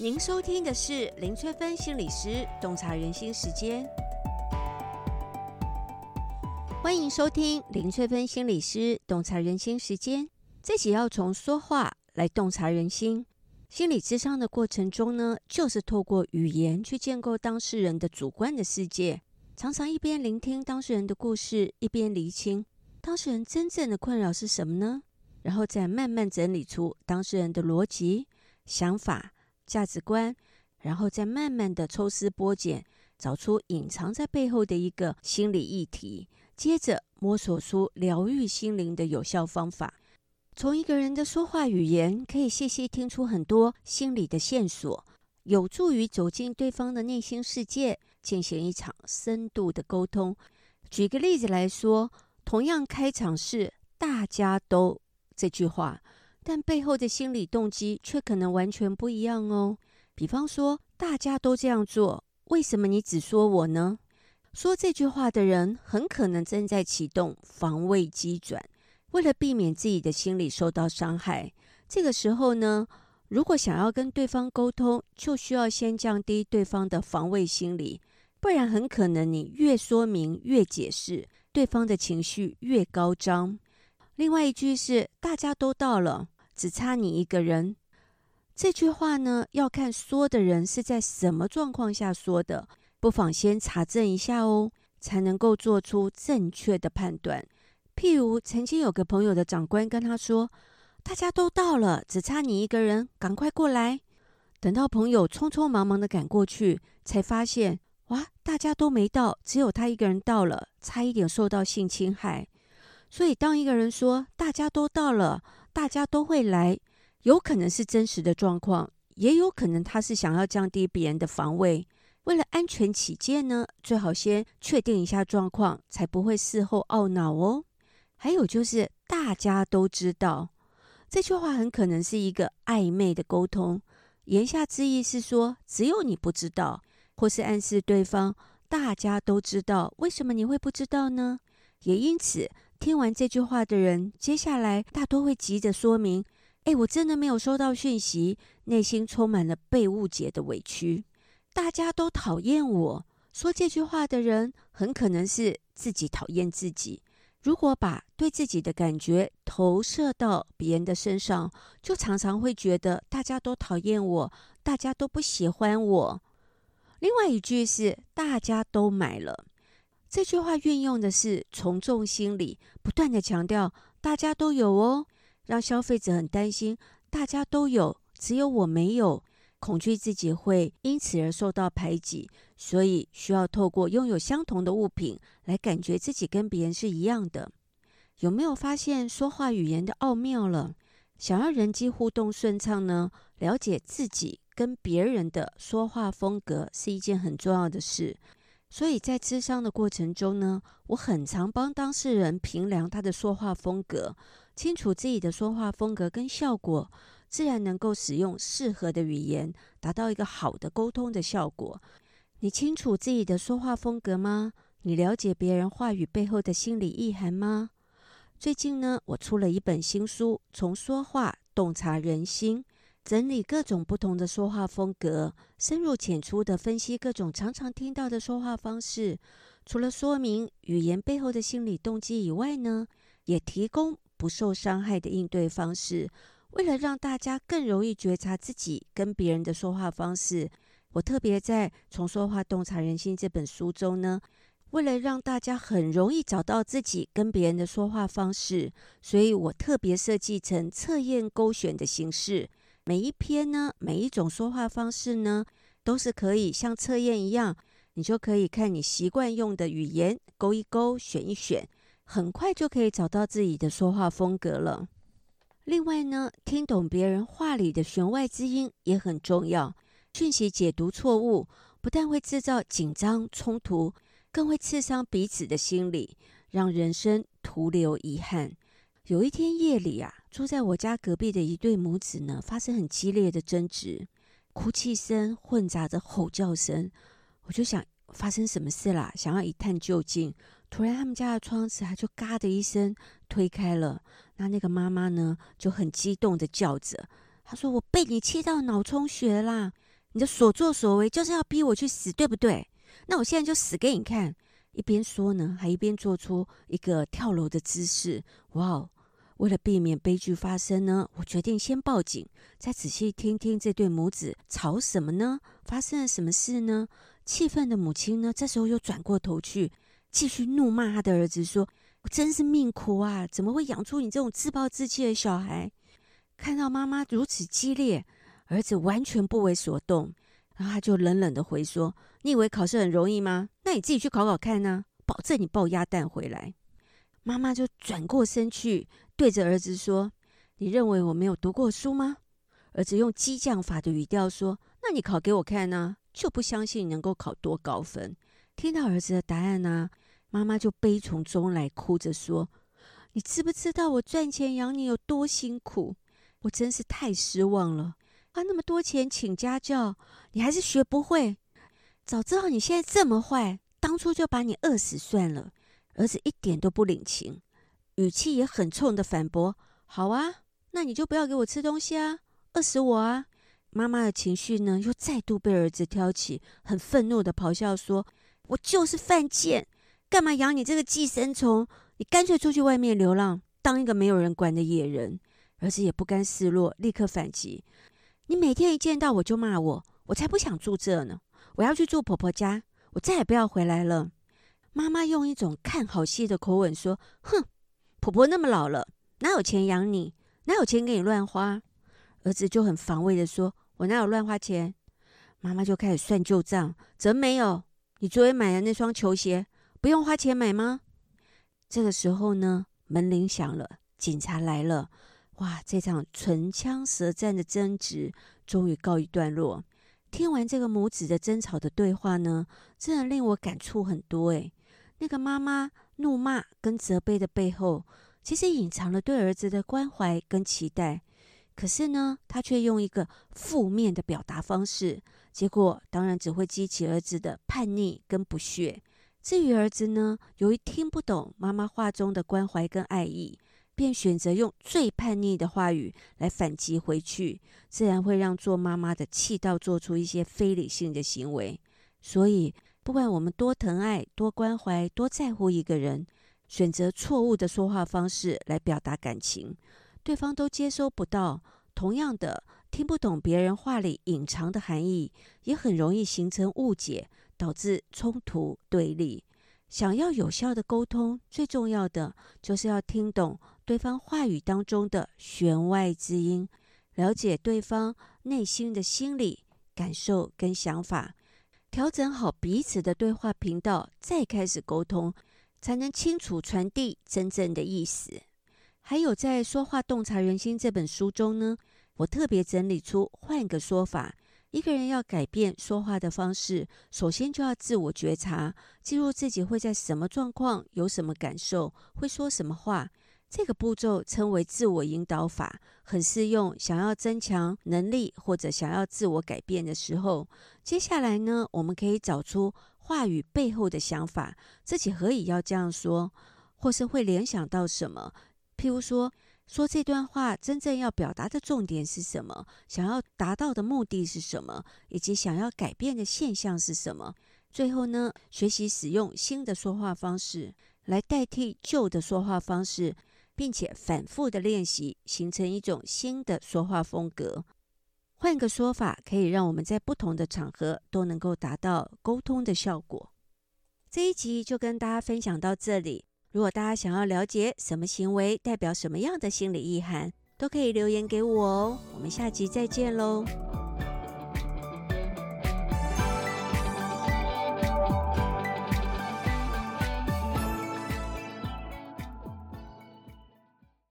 您收聽的是林翠芬心理師洞察人心時間。歡迎收聽林翠芬心理師洞察人心時間。這期要從說話來洞察人心，心理諮商的過程中呢，就是透過語言去建構當事人的主觀的世界。常常一邊聆聽當事人的故事，一邊釐清當事人真正的困擾是什麼呢？然後再慢慢整理出當事人的邏輯、想法。價值觀，然後再慢慢的抽絲剝繭，找出隱藏在背後的一個心理議題，接着摸索出療癒心靈的有效方法。從一個人的說話語言，可以細細聽出很多心理的線索，有助於走進對方的內心世界，進行一場深度的溝通。舉個例子來說，同樣開場是大家都，這句話。但背後的心理動機卻可能完全不一樣哦。比方說，大家都這樣做，為什麼你只說我呢？說這句話的人很可能正在啟動防衛機轉，為了避免自己的心理受到傷害。這個時候呢，如果想要跟對方溝通，就需要先降低對方的防衛心理，不然很可能你越說明越解釋，對方的情緒越高漲。另外一句是，大家都到了。只差你一個人，這句話呢，要看說的人是在什麼狀況下說的，不妨先查證一下哦，才能夠做出正確的判斷。譬如，曾經有個朋友的長官跟他說：“大家都到了，只差你一個人，趕快過來。”等到朋友匆匆忙忙的趕過去，才發現哇，大家都沒到，只有他一個人到了，差一點受到性侵害。所以，當一個人說“大家都到了，大家都會來”，有可能是真實的狀況，也有可能他是想要降低別人的防衛。為了安全起見呢，最好先確定一下狀況，才不會事後懊惱哦。還有就是，大家都知道這句話，很可能是一個曖昧的溝通，言下之意是說只有你不知道，或是暗示對方大家都知道，為什麼你會不知道呢？也因此。聽完這句話的人，接下來大多會急着說明：“哎，我真的沒有收到訊息，內心充滿了被誤解的委屈。大家都討厭我。”說這句話的人很可能是自己討厭自己。如果把對自己的感覺投射到別人的身上，就常常會覺得大家都討厭我，大家都不喜歡我。另外一句是：“大家都買了。”這句話運用的是從眾心理，不斷地強調大家都有哦，讓消費者很擔心，大家都有，只有我沒有，恐懼自己會因此而受到排擠，所以需要透過擁有相同的物品來感覺自己跟別人是一樣的。有沒有發現說話語言的奧妙了？想要人際互動順暢呢？了解自己跟別人的說話風格是一件很重要的事。所以在諮商的過程中呢，我很常幫當事人評量他的說話風格，清楚自己的說話風格跟效果，自然能夠使用適合的語言，達到一個好的溝通的效果。你清楚自己的說話風格嗎？你了解別人話語背後的心理意涵嗎？最近呢，我出了一本新書《從說話洞察人心》。整理各種不同的說話風格，深入淺出地分析各種常常聽到的說話方式。除了說明語言背後的心理動機以外呢，也提供不受傷害的應對方式。為了讓大家更容易覺察自己跟別人的說話方式，我特別在《從說話洞察人心》這本書中呢，為了讓大家很容易找到自己跟別人的說話方式，所以我特別設計成測驗勾選的形式。每一篇呢，每一種說話方式呢，都是可以像測驗一樣，你就可以看你習慣用的語言，勾一勾，選一選，很快就可以找到自己的說話風格了。另外呢，聽懂別人話裡的弦外之音也很重要。訊息解讀錯誤，不但會製造緊張衝突，更會刺傷彼此的心理，讓人生徒留遺憾。有一天夜裡啊。住在我家隔壁的一對母子呢，發生很激烈的爭執，哭泣聲混雜着吼叫聲。我就想發生什麼事啦？想要一探究竟。突然，他們家的窗子還就“嘎”的一聲推開了。那那個媽媽呢，就很激動的叫着：“她說我被你氣到腦充血啦！你的所作所為就是要逼我去死，對不對？那我現在就死給你看！”一邊說呢，還一邊做出一個跳樓的姿勢。哇哦！為了避免悲劇發生呢，我決定先報警，再仔細聽聽這對母子吵什麼呢？發生了什麼事呢？氣憤的母親呢，這時候又轉過頭去，繼續怒罵他的兒子說：“我真是命苦啊，怎麼會養出你這種自暴自棄的小孩？”看到媽媽如此激烈，兒子完全不為所動，然後他就冷冷地回說：“你以為考試很容易嗎？那你自己去考考看呢、啊，保證你抱鴨蛋回來。”媽媽就轉過身去。對着兒子說：“你認為我沒有讀過書嗎？”兒子用激將法的語調說：“那你考給我看啊，就不相信你能夠考多高分。”聽到兒子的答案呢，媽媽就悲從中來，哭着說：“你知不知道我賺錢養你有多辛苦？我真是太失望了！花那麼多錢請家教，你還是學不會。早知道你現在這麼壞，當初就把你餓死算了。”兒子一點都不領情。語氣也很衝的反駁：“好啊，那你就不要給我吃東西啊，餓死我啊！”媽媽的情緒呢，又再度被兒子挑起，很憤怒的咆哮說：“我就是犯賤，幹嘛養你這個寄生蟲？你乾脆出去外面流浪，當一個沒有人管的野人！”兒子也不甘示弱，立刻反擊：“你每天一見到我就罵我，我才不想住這呢！我要去住婆婆家，我再也不要回來了。”媽媽用一種看好戲的口吻說：“哼。”婆婆那麼老了，哪有錢養你？哪有錢給你亂花？兒子就很防衛的說：“我哪有亂花錢？”媽媽就開始算舊賬：“怎麼沒有？你昨天買的那雙球鞋不用花錢買嗎？”這個時候呢，門鈴響了，警察來了。哇，這場唇槍舌戰的爭執終於告一段落。聽完這個母子的爭吵的對話呢，真的令我感觸很多。欸。誒那個媽媽怒罵跟責備的背後，其實隱藏了對兒子的關懷跟期待。可是呢，她卻用一個負面的表達方式，結果當然只會激起兒子的叛逆跟不屑。至於兒子呢，由於聽不懂媽媽話中的關懷跟愛意，便選擇用最叛逆的話語來反擊回去，自然會讓做媽媽的氣到做出一些非理性的行為。所以。不管我們多疼愛、多關懷、多在乎一個人，選擇錯誤的說話方式來表達感情，對方都接收不到。同樣的，聽不懂別人話裡隱藏的含義，也很容易形成誤解，導致衝突對立。想要有效的溝通，最重要的就是要聽懂對方話語當中的弦外之音，了解對方內心的心理感受跟想法。調整好彼此的對話頻道，再開始溝通，才能清楚傳遞真正的意思。還有，在《說話洞察人心》這本書中呢，我特別整理出換一個說法：一個人要改變說話的方式，首先就要自我覺察，記錄自己會在什麼狀況、有什麼感受、會說什麼話。這個步驟稱為自我引導法，很適用，想要增強能力或者想要自我改變的時候，接下來呢，我們可以找出話語背後的想法，自己何以要這樣說，或是會聯想到什麼。譬如說，說這段話真正要表達的重點是什麼，想要達到的目的是什麼，以及想要改變的現象是什麼。最後呢，學習使用新的說話方式來代替舊的說話方式。並且反覆的練習，形成一種新的說話風格。換個說法，可以讓我們在不同的場合都能夠達到溝通的效果。這一集就跟大家分享到這裡。如果大家想要了解什麼行為代表什麼樣的心理意涵，都可以留言給我哦。我們下集再見嘍。